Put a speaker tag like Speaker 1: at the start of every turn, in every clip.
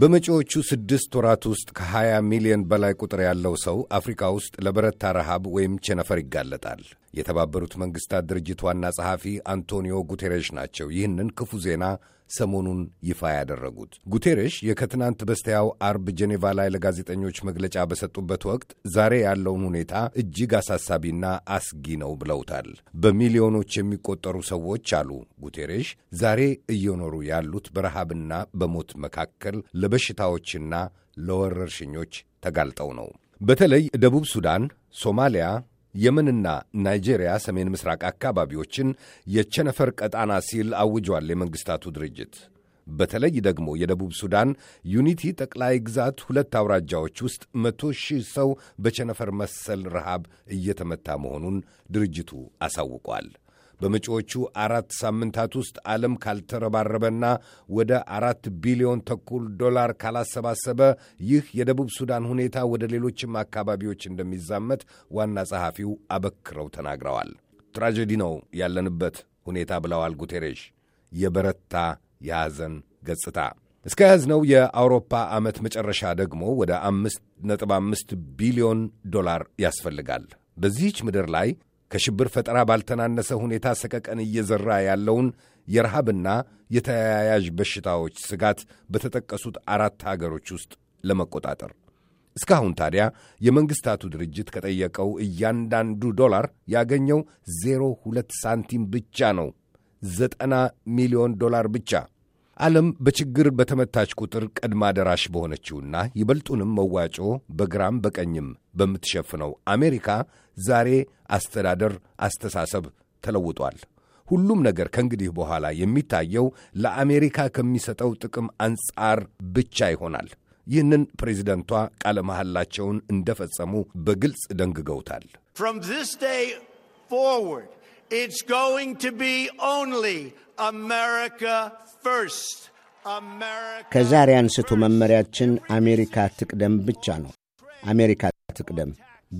Speaker 1: በመጪዎቹ ስድስት ወራት ውስጥ ከ20 ሚሊዮን በላይ ቁጥር ያለው ሰው አፍሪካ ውስጥ ለበረታ ረሃብ ወይም ቸነፈር ይጋለጣል። የተባበሩት መንግሥታት ድርጅት ዋና ጸሐፊ አንቶኒዮ ጉቴሬሽ ናቸው ይህንን ክፉ ዜና ሰሞኑን ይፋ ያደረጉት። ጉቴሬሽ የከትናንት በስቲያው አርብ ጄኔቫ ላይ ለጋዜጠኞች መግለጫ በሰጡበት ወቅት ዛሬ ያለውን ሁኔታ እጅግ አሳሳቢና አስጊ ነው ብለውታል። በሚሊዮኖች የሚቆጠሩ ሰዎች አሉ ጉቴሬሽ ዛሬ እየኖሩ ያሉት በረሃብና በሞት መካከል ለበሽታዎችና ለወረርሽኞች ተጋልጠው ነው። በተለይ ደቡብ ሱዳን፣ ሶማሊያ፣ የመንና ናይጄሪያ ሰሜን ምስራቅ አካባቢዎችን የቸነፈር ቀጣና ሲል አውጇል የመንግሥታቱ ድርጅት። በተለይ ደግሞ የደቡብ ሱዳን ዩኒቲ ጠቅላይ ግዛት ሁለት አውራጃዎች ውስጥ መቶ ሺህ ሰው በቸነፈር መሰል ረሃብ እየተመታ መሆኑን ድርጅቱ አሳውቋል። በመጪዎቹ አራት ሳምንታት ውስጥ ዓለም ካልተረባረበና ወደ አራት ቢሊዮን ተኩል ዶላር ካላሰባሰበ ይህ የደቡብ ሱዳን ሁኔታ ወደ ሌሎችም አካባቢዎች እንደሚዛመት ዋና ጸሐፊው አበክረው ተናግረዋል። ትራጀዲ ነው ያለንበት ሁኔታ ብለዋል ጉቴሬሽ። የበረታ የሐዘን ገጽታ እስከ ያዝነው የአውሮፓ ዓመት መጨረሻ ደግሞ ወደ አምስት ነጥብ አምስት ቢሊዮን ዶላር ያስፈልጋል። በዚህች ምድር ላይ ከሽብር ፈጠራ ባልተናነሰ ሁኔታ ሰቀቀን እየዘራ ያለውን የረሃብና የተያያዥ በሽታዎች ስጋት በተጠቀሱት አራት አገሮች ውስጥ ለመቆጣጠር እስካሁን ታዲያ የመንግሥታቱ ድርጅት ከጠየቀው እያንዳንዱ ዶላር ያገኘው 02 ሳንቲም ብቻ ነው። ዘጠና ሚሊዮን ዶላር ብቻ። ዓለም በችግር በተመታች ቁጥር ቀድማ ደራሽ በሆነችውና ይበልጡንም መዋጮ በግራም በቀኝም በምትሸፍነው አሜሪካ ዛሬ አስተዳደር፣ አስተሳሰብ ተለውጧል። ሁሉም ነገር ከእንግዲህ በኋላ የሚታየው ለአሜሪካ ከሚሰጠው ጥቅም አንጻር ብቻ ይሆናል። ይህንን ፕሬዚደንቷ ቃለ መሐላቸውን እንደፈጸሙ በግልጽ ደንግገውታል። It's going to be only America first. ከዛሬ አንስቶ መመሪያችን አሜሪካ ትቅደም ብቻ ነው። አሜሪካ ትቅደም።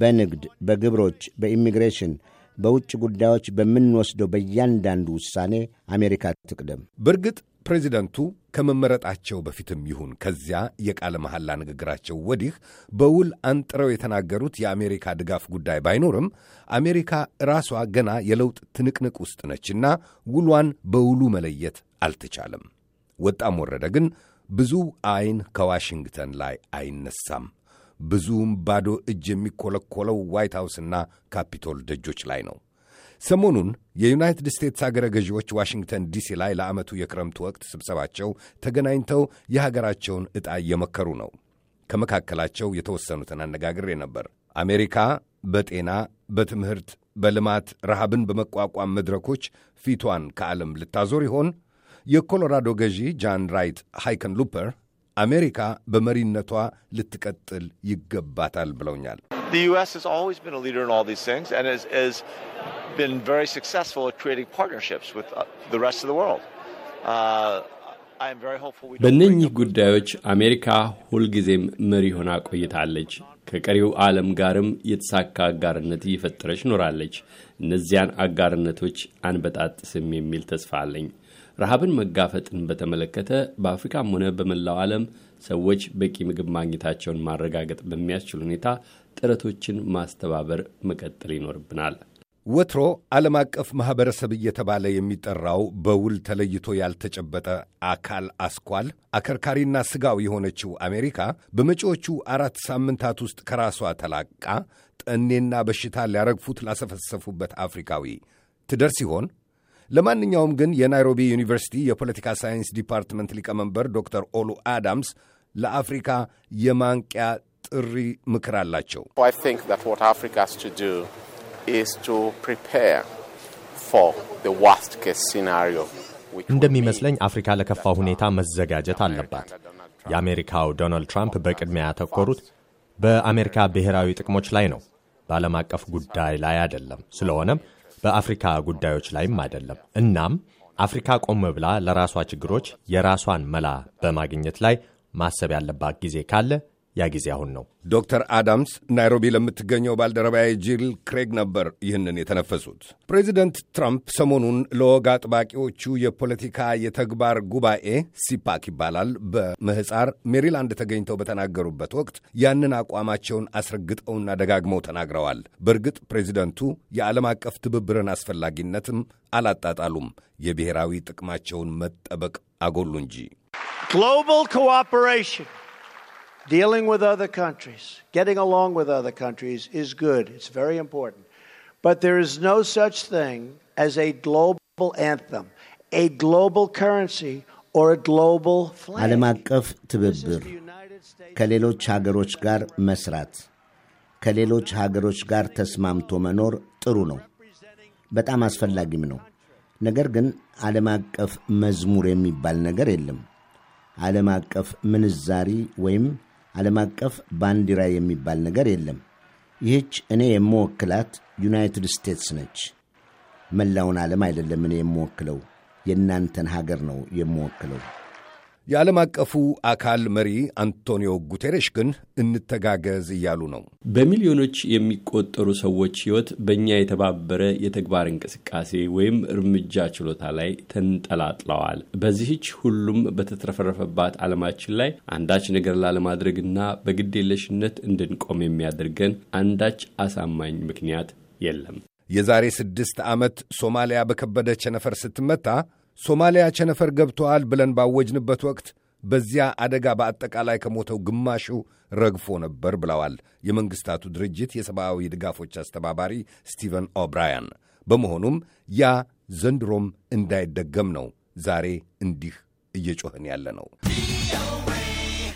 Speaker 1: በንግድ፣ በግብሮች፣ በኢሚግሬሽን በውጭ ጉዳዮች በምንወስደው በእያንዳንዱ ውሳኔ አሜሪካ ትቅደም። በእርግጥ ፕሬዚደንቱ ከመመረጣቸው በፊትም ይሁን ከዚያ የቃለ መሐላ ንግግራቸው ወዲህ በውል አንጥረው የተናገሩት የአሜሪካ ድጋፍ ጉዳይ ባይኖርም አሜሪካ ራሷ ገና የለውጥ ትንቅንቅ ውስጥ ነችና ውሏን በውሉ መለየት አልተቻለም። ወጣም ወረደ ግን ብዙ አይን ከዋሽንግተን ላይ አይነሳም። ብዙም ባዶ እጅ የሚኮለኮለው ዋይት ሃውስና ካፒቶል ደጆች ላይ ነው። ሰሞኑን የዩናይትድ ስቴትስ አገረ ገዢዎች ዋሽንግተን ዲሲ ላይ ለዓመቱ የክረምቱ ወቅት ስብሰባቸው ተገናኝተው የሀገራቸውን ዕጣ እየመከሩ ነው። ከመካከላቸው የተወሰኑትን አነጋግሬ ነበር። አሜሪካ በጤና በትምህርት፣ በልማት ረሃብን በመቋቋም መድረኮች ፊቷን ከዓለም ልታዞር ይሆን? የኮሎራዶ ገዢ ጃን ራይት ሃይከን ሉፐር አሜሪካ በመሪነቷ ልትቀጥል ይገባታል ብለውኛል። uh, uh, በእነኚህ ጉዳዮች አሜሪካ ሁልጊዜም መሪ ሆና ቆይታለች። ከቀሪው ዓለም ጋርም የተሳካ አጋርነት እየፈጠረች ኖራለች። እነዚያን አጋርነቶች አንበጣጥስም የሚል ተስፋ አለኝ። ረሃብን መጋፈጥን በተመለከተ በአፍሪካም ሆነ በመላው ዓለም ሰዎች በቂ ምግብ ማግኘታቸውን ማረጋገጥ በሚያስችል ሁኔታ ጥረቶችን ማስተባበር መቀጠል ይኖርብናል። ወትሮ ዓለም አቀፍ ማኅበረሰብ እየተባለ የሚጠራው በውል ተለይቶ ያልተጨበጠ አካል አስኳል አከርካሪና ሥጋው የሆነችው አሜሪካ በመጪዎቹ አራት ሳምንታት ውስጥ ከራሷ ተላቃ ጠኔና በሽታ ሊያረግፉት ላሰፈሰፉበት አፍሪካዊ ትደርስ ይሆን? ለማንኛውም ግን የናይሮቢ ዩኒቨርሲቲ የፖለቲካ ሳይንስ ዲፓርትመንት ሊቀመንበር ዶክተር ኦሉ አዳምስ ለአፍሪካ የማንቂያ ጥሪ ምክር አላቸው። እንደሚመስለኝ አፍሪካ ለከፋ ሁኔታ መዘጋጀት አለባት። የአሜሪካው ዶናልድ ትራምፕ በቅድሚያ ያተኮሩት በአሜሪካ ብሔራዊ ጥቅሞች ላይ ነው፣ በዓለም አቀፍ ጉዳይ ላይ አይደለም። ስለሆነም በአፍሪካ ጉዳዮች ላይም አይደለም። እናም አፍሪካ ቆም ብላ ለራሷ ችግሮች የራሷን መላ በማግኘት ላይ ማሰብ ያለባት ጊዜ ካለ ያ ጊዜ አሁን ነው። ዶክተር አዳምስ ናይሮቢ ለምትገኘው ባልደረባዬ ጂል ክሬግ ነበር ይህንን የተነፈሱት። ፕሬዚደንት ትራምፕ ሰሞኑን ለወግ አጥባቂዎቹ የፖለቲካ የተግባር ጉባኤ ሲፓክ ይባላል በምህፃር ሜሪላንድ ተገኝተው በተናገሩበት ወቅት ያንን አቋማቸውን አስረግጠውና ደጋግመው ተናግረዋል። በእርግጥ ፕሬዚደንቱ የዓለም አቀፍ ትብብርን አስፈላጊነትም አላጣጣሉም፣ የብሔራዊ ጥቅማቸውን መጠበቅ አጎሉ እንጂ ግሎባል ኮኦፐሬሽን Dealing with other countries, getting along with other countries is good. It's very important. But there is no such thing as a global anthem, a global currency, or a global flag. ዓለም አቀፍ ትብብር፣ ከሌሎች ሀገሮች ጋር መስራት፣ ከሌሎች ሀገሮች ጋር ተስማምቶ መኖር ጥሩ ነው፣ በጣም አስፈላጊም ነው። ነገር ግን ዓለም አቀፍ መዝሙር የሚባል ነገር የለም። ዓለም አቀፍ ምንዛሪ ወይም ዓለም አቀፍ ባንዲራ የሚባል ነገር የለም። ይህች እኔ የምወክላት ዩናይትድ ስቴትስ ነች። መላውን ዓለም አይደለም እኔ የምወክለው፣ የእናንተን ሀገር ነው የምወክለው። የዓለም አቀፉ አካል መሪ አንቶኒዮ ጉቴሬሽ ግን እንተጋገዝ እያሉ ነው። በሚሊዮኖች የሚቆጠሩ ሰዎች ሕይወት በእኛ የተባበረ የተግባር እንቅስቃሴ ወይም እርምጃ ችሎታ ላይ ተንጠላጥለዋል። በዚህች ሁሉም በተትረፈረፈባት ዓለማችን ላይ አንዳች ነገር ላለማድረግና በግዴለሽነት እንድንቆም የሚያደርገን አንዳች አሳማኝ ምክንያት የለም። የዛሬ ስድስት ዓመት ሶማሊያ በከበደ ቸነፈር ስትመታ ሶማሊያ ቸነፈር ገብተዋል ብለን ባወጅንበት ወቅት በዚያ አደጋ በአጠቃላይ ከሞተው ግማሹ ረግፎ ነበር ብለዋል የመንግሥታቱ ድርጅት የሰብአዊ ድጋፎች አስተባባሪ ስቲቨን ኦብራያን። በመሆኑም ያ ዘንድሮም እንዳይደገም ነው ዛሬ እንዲህ እየጮህን ያለ ነው።